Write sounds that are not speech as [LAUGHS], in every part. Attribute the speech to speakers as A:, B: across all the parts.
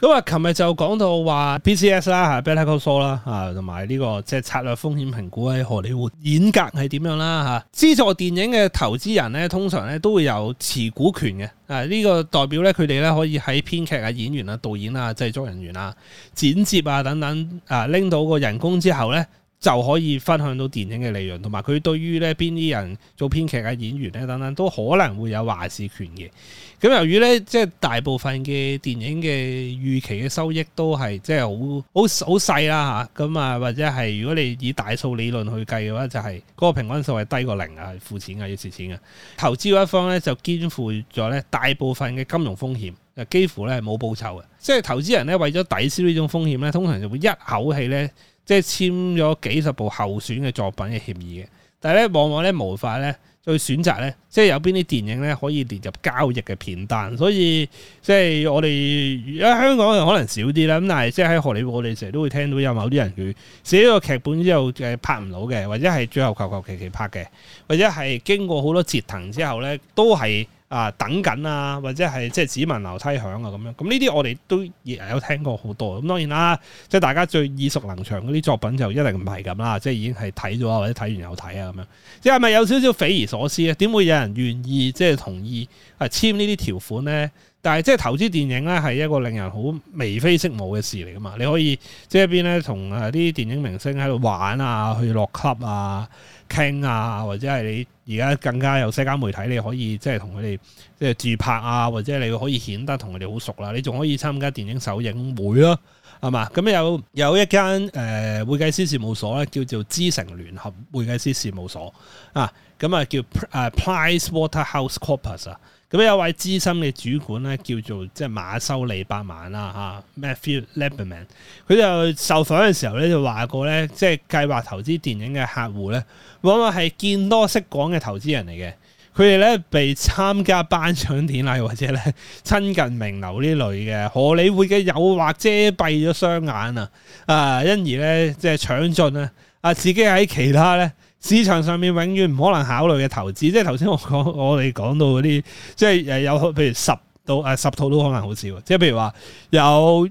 A: 咁啊，琴日就講到話 P.C.S 啦，吓 Better Call Saul 啦，吓同埋呢個即係策略風險評估喺荷里活演格係點樣啦吓，資助電影嘅投資人咧，通常咧都會有持股權嘅，啊呢、這個代表咧，佢哋咧可以喺編劇啊、演員啊、導演啊、製作人員啊、剪接啊等等啊拎到個人工之後咧。就可以分享到電影嘅利潤，同埋佢對於咧邊啲人做編劇啊、演員咧等等，都可能會有話事權嘅。咁由於咧，即係大部分嘅電影嘅預期嘅收益都係即係好好好細啦吓，咁啊，或者係如果你以大數理論去計嘅話，就係嗰個平均數係低過零啊，係負錢嘅，要蝕錢嘅。投資一方咧就肩負咗咧大部分嘅金融風險，就幾乎咧冇報酬嘅。即係投資人咧為咗抵消呢種風險咧，通常就會一口氣咧。即係簽咗幾十部候選嘅作品嘅協議嘅，但係咧往往咧無法咧去選擇咧，即係有邊啲電影咧可以列入交易嘅片單。所以即係我哋而家香港人可能少啲啦，咁但係即係喺荷里活，我哋成日都會聽到有某啲人佢寫咗個劇本之後嘅拍唔到嘅，或者係最後求求其其拍嘅，或者係經過好多折騰之後咧都係。啊，等緊啊，或者係即係指紋樓梯響啊，咁樣。咁呢啲我哋都亦有聽過好多。咁當然啦，即係大家最耳熟能詳嗰啲作品就一定唔係咁啦。即係已經係睇咗或者睇完又睇啊咁樣。即係咪有少少匪夷所思咧？點會有人願意即係同意啊簽呢啲條款呢？但係即係投資電影呢，係一個令人好眉飛色舞嘅事嚟噶嘛。你可以即一邊呢，同啊啲電影明星喺度玩啊，去落 club 啊。聽啊，或者係你而家更加有社交媒體，你可以即係同佢哋即係自拍啊，或者你可以顯得同佢哋好熟啦。你仲可以參加電影首映會咯，啊，係嘛？咁有有一間誒、呃、會計師事務所咧，叫做資誠聯合會計師事務所啊，咁啊叫誒 PriceWaterhouseCoopers 啊。咁有位資深嘅主管咧，叫做即係馬修利百曼啦，吓 Matthew l e 佢就受訪嘅時候咧，就話過咧，即係計劃投資電影嘅客戶咧，往往係見多識廣嘅投資人嚟嘅。佢哋咧被參加頒獎典禮或者咧親近名流呢類嘅荷里活嘅誘惑遮蔽咗雙眼啊，啊，因而咧即係搶進啊，啊，自己喺其他咧。市場上面永遠唔可能考慮嘅投資，即係頭先我講，我哋講到嗰啲，即係誒有譬如十到誒、呃、十套都可能好少，即係譬如話有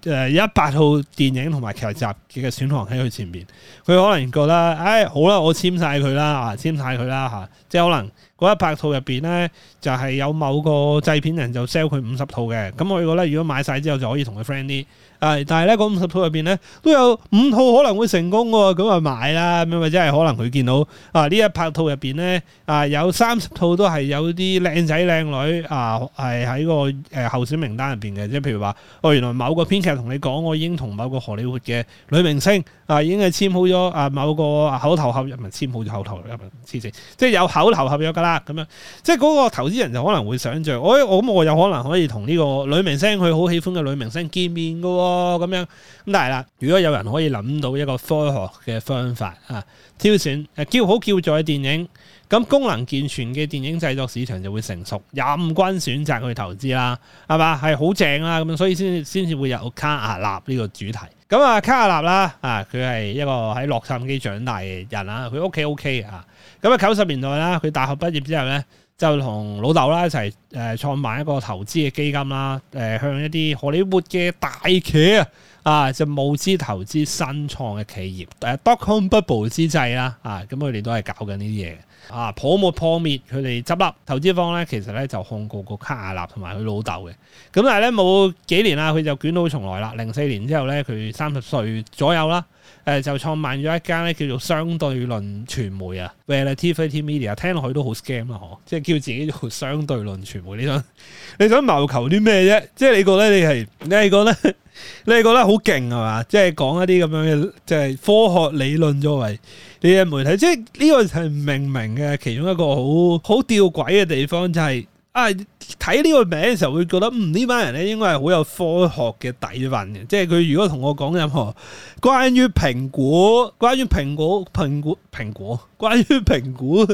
A: 誒一百套電影同埋劇集嘅選項喺佢前面，佢可能覺得，誒好啦，我簽晒佢啦，啊簽晒佢啦嚇，即係可能。嗰一百套入邊呢，就係、是、有某個製片人就 sell 佢五十套嘅，咁我覺得如果買晒之後就可以同佢 friend 啲，但係呢嗰五十套入邊呢，都有五套可能會成功喎，咁啊買啦，咁啊，或者係可能佢見到啊呢一百套入邊呢，啊有三十套都係有啲靚仔靚女啊，係喺、個誒候選名單入邊嘅，即係譬如話，我、哦、原來某個編劇同你講，我已經同某個荷里活嘅女明星啊，已經係簽好咗啊某個口頭合約，咪係簽好咗口頭合約，黐線，即係有口頭合約噶啦。咁樣，即係嗰個投資人就可能會想象，我我咁我有可能可以同呢個女明星佢好喜歡嘅女明星見面噶、哦，咁樣咁但係啦，如果有人可以諗到一個科學嘅方法啊，挑選叫、呃、好叫座嘅電影。咁功能健全嘅電影製作市場就會成熟，任君選擇去投資啦，係嘛？係好正啦咁，所以先先至會有卡亞納呢個主題。咁啊，卡亞納啦，啊佢係一個喺洛杉磯長大嘅人啦，佢屋企 OK 啊。咁啊，九十年代啦，佢大學畢業之後咧，就同老豆啦一齊誒創辦一個投資嘅基金啦，誒向一啲荷里活嘅大企啊，啊就募資投資新創嘅企業，誒、啊、dot com bubble 之際啦，啊咁佢哋都係搞緊呢啲嘢。啊泡沫破滅，佢哋執笠，投資方咧其實咧就控告個卡亞納同埋佢老豆嘅。咁但係咧冇幾年啦，佢就捲土重來啦。零四年之後咧，佢三十歲左右啦，誒、呃、就創辦咗一間咧叫做相對論傳媒啊 Relativity Media。聽落去都好 scam 啊，嗬！即係叫自己做相對論傳媒，你想你想謀求啲咩啫？即係你覺得你係你係覺得。你哋覺得好勁係嘛？即係講一啲咁樣嘅，即係科學理論作為啲嘅媒體，即係呢個係明明嘅其中一個好好吊詭嘅地方，就係。啊！睇呢個名嘅時候會覺得，嗯，呢班人咧應該係好有科學嘅底蘊嘅。即係佢如果同我講任何關於蘋果、關於蘋果、蘋果、蘋果、關於蘋果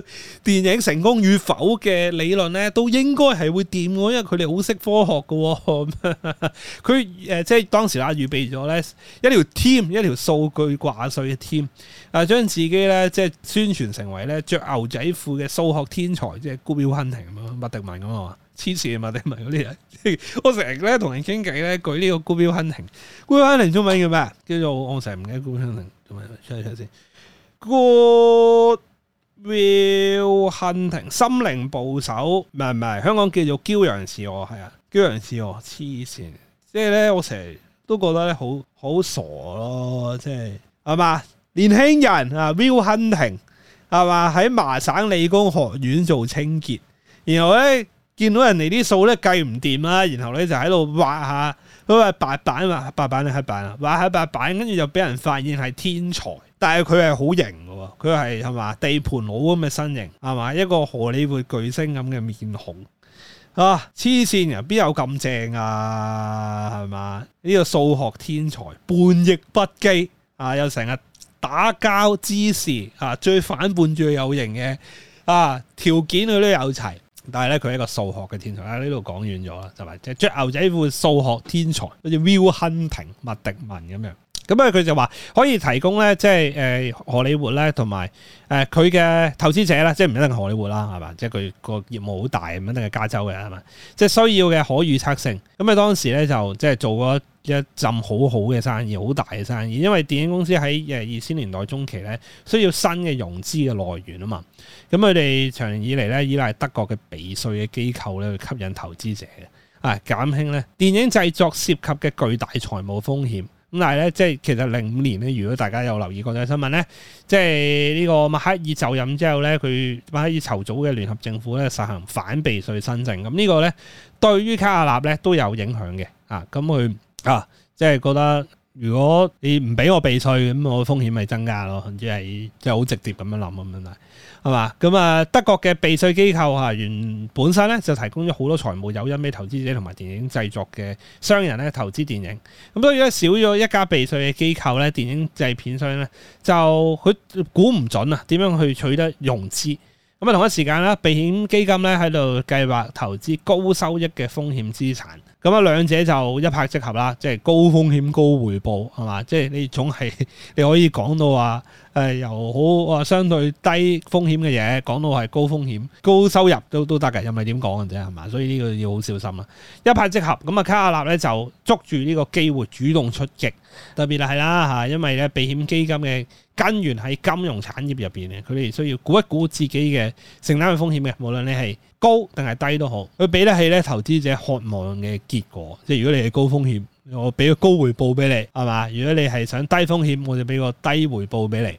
A: 電影成功與否嘅理論咧，都應該係會掂，因為佢哋好識科學嘅、哦。佢誒、呃、即係當時啦，預備咗咧一條 team 一條數據掛帥嘅 team，啊，將自己咧即係宣傳成為咧着牛仔褲嘅數學天才，即係 Good Will Hunting 嘅。麥迪文咁啊，黐線麥迪文嗰啲人，即 [LAUGHS] 我成日咧同人傾偈咧舉呢個 Goodwill Hunting，Goodwill Hunting 中文叫咩？叫做我成日唔記得 Goodwill Hunting 中文，出嚟出嚟先。Goodwill Hunting 心靈捕手，唔係唔係，香港叫做《驕陽似我》，係啊，《驕陽似我》，黐線。即係咧，我成日都覺得咧，好好傻咯，即係係嘛，年輕人啊，Will Hunting 係嘛喺麻省理工學院做清潔。然後咧見到人哋啲數咧計唔掂啦，然後咧就喺度畫下，佢白板嘛，白板定黑板啊，畫下白板，跟住就俾人發現係天才。但係佢係好型嘅，佢係，係嘛地盤佬咁嘅身形，係嘛一個荷里活巨星咁嘅面孔啊！黐線，人邊有咁正啊？係嘛呢個數學天才，叛逆不羈啊，又成日打交滋事，啊，最反叛最有型嘅啊，條件佢都有齊。但係咧，佢係一個數學嘅天才，喺呢度講遠咗啦，係咪？即係着牛仔褲數學天才，好似 Will Hunting、麥迪文咁樣。咁啊，佢、嗯、就話可以提供咧，即係誒、呃，荷里活咧，同埋誒，佢、呃、嘅投資者咧，即係唔一定係荷里活啦，係嘛，即係佢個業務好大，唔一定係加州嘅，係嘛，即係需要嘅可預測性。咁、嗯、啊，當時咧就即係做咗。一浸好好嘅生意，好大嘅生意，因為電影公司喺誒二千年代中期咧，需要新嘅融資嘅來源啊嘛。咁佢哋長年以嚟咧，依賴德國嘅避稅嘅機構咧，去吸引投資者嘅啊，減輕咧電影製作涉及嘅巨大財務風險，咁但係咧，即係其實零五年咧，如果大家有留意國際新聞咧，即係呢個默克爾就任之後咧，佢默克爾籌組嘅聯合政府咧，實行反避稅新政。咁、這個、呢個咧，對於卡瓦納咧都有影響嘅啊。咁佢啊，即係覺得如果你唔俾我避稅，咁我風險咪增加咯，即係即係好直接咁樣諗咁樣嚟，係嘛？咁、嗯、啊，德國嘅避稅機構啊，原本身咧就提供咗好多財務誘因俾投資者同埋電影製作嘅商人咧投資電影。咁所以少咗一家避稅嘅機構咧，電影製片商咧就佢估唔準啊，點樣去取得融資？咁、嗯、啊，同一時間啦，避險基金咧喺度計劃投資高收益嘅風險資產。咁啊，兩者就一拍即合啦，即係高風險高回報，係嘛？即係你總係你可以講到話，誒、呃，由好啊相對低風險嘅嘢講到係高風險高收入都都得嘅，又唔係點講嘅啫，係嘛？所以呢個要好小心啦，一拍即合。咁啊，卡亞納咧就捉住呢個機會主動出擊，特別啊係啦嚇，因為咧避險基金嘅根源喺金融產業入邊嘅，佢哋需要估一估自己嘅承擔嘅風險嘅，無論你係高定係低都好，佢俾得起咧，投資者渴望嘅結果。即係如果你係高風險，我俾個高回報俾你，係嘛？如果你係想低風險，我就俾個低回報俾你。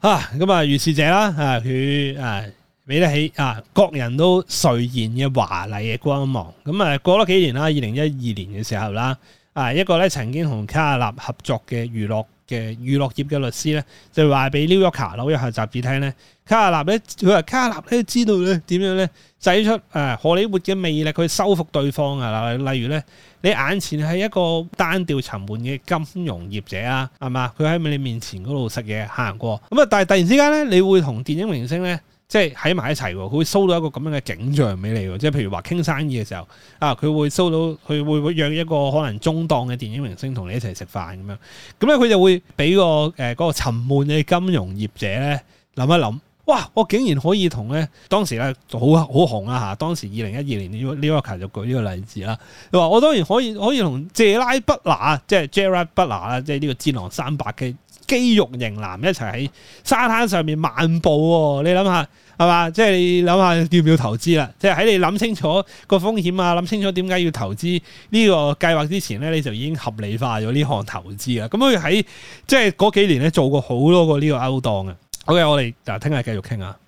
A: 啊，咁啊，如是者啦，啊，佢誒俾得起啊，各人都垂涎嘅華麗嘅光芒。咁啊，過咗幾年啦，二零一二年嘅時候啦，啊，一個咧曾經同卡納合作嘅娛樂。嘅娛樂業嘅律師咧，就話俾 New Yorker 紐約下雜誌紐約客雜誌聽咧，卡納咧，佢話卡納咧知道咧點樣咧，使出誒、呃、荷里活嘅魅力，去修復對方啊！例如咧，你眼前係一個單調沉悶嘅金融業者啊，係嘛？佢喺你面前嗰度食嘢行過，咁啊！但係突然之間咧，你會同電影明星咧。即係喺埋一齊喎，佢會 show 到一個咁樣嘅景象俾你喎。即係譬如話傾生意嘅時候，啊，佢會 show 到佢會會約一個可能中檔嘅電影明星同你一齊食飯咁樣。咁咧佢就會俾個誒嗰、呃嗰個沉悶嘅金融業者咧諗一諗，哇！我竟然可以同咧當時咧好好紅啦嚇，當時二零一二年 New Yorker 就舉呢個例子啦。佢話我當然可以可以同謝拉不拿，即係 Gerard 布拿啦，即係呢個戰狼三百嘅。肌肉型男一齊喺沙灘上面漫步喎，哦，你諗下係咪？即係、就是、你諗下要唔要投資啦？即係喺你諗清楚個風險啊，諗清楚點解要投資呢個計劃之前咧，你就已經合理化咗呢項投資啦。咁佢喺即係嗰幾年咧做過好多個呢個勾當啊。好嘅，我哋嗱聽下繼續傾啊。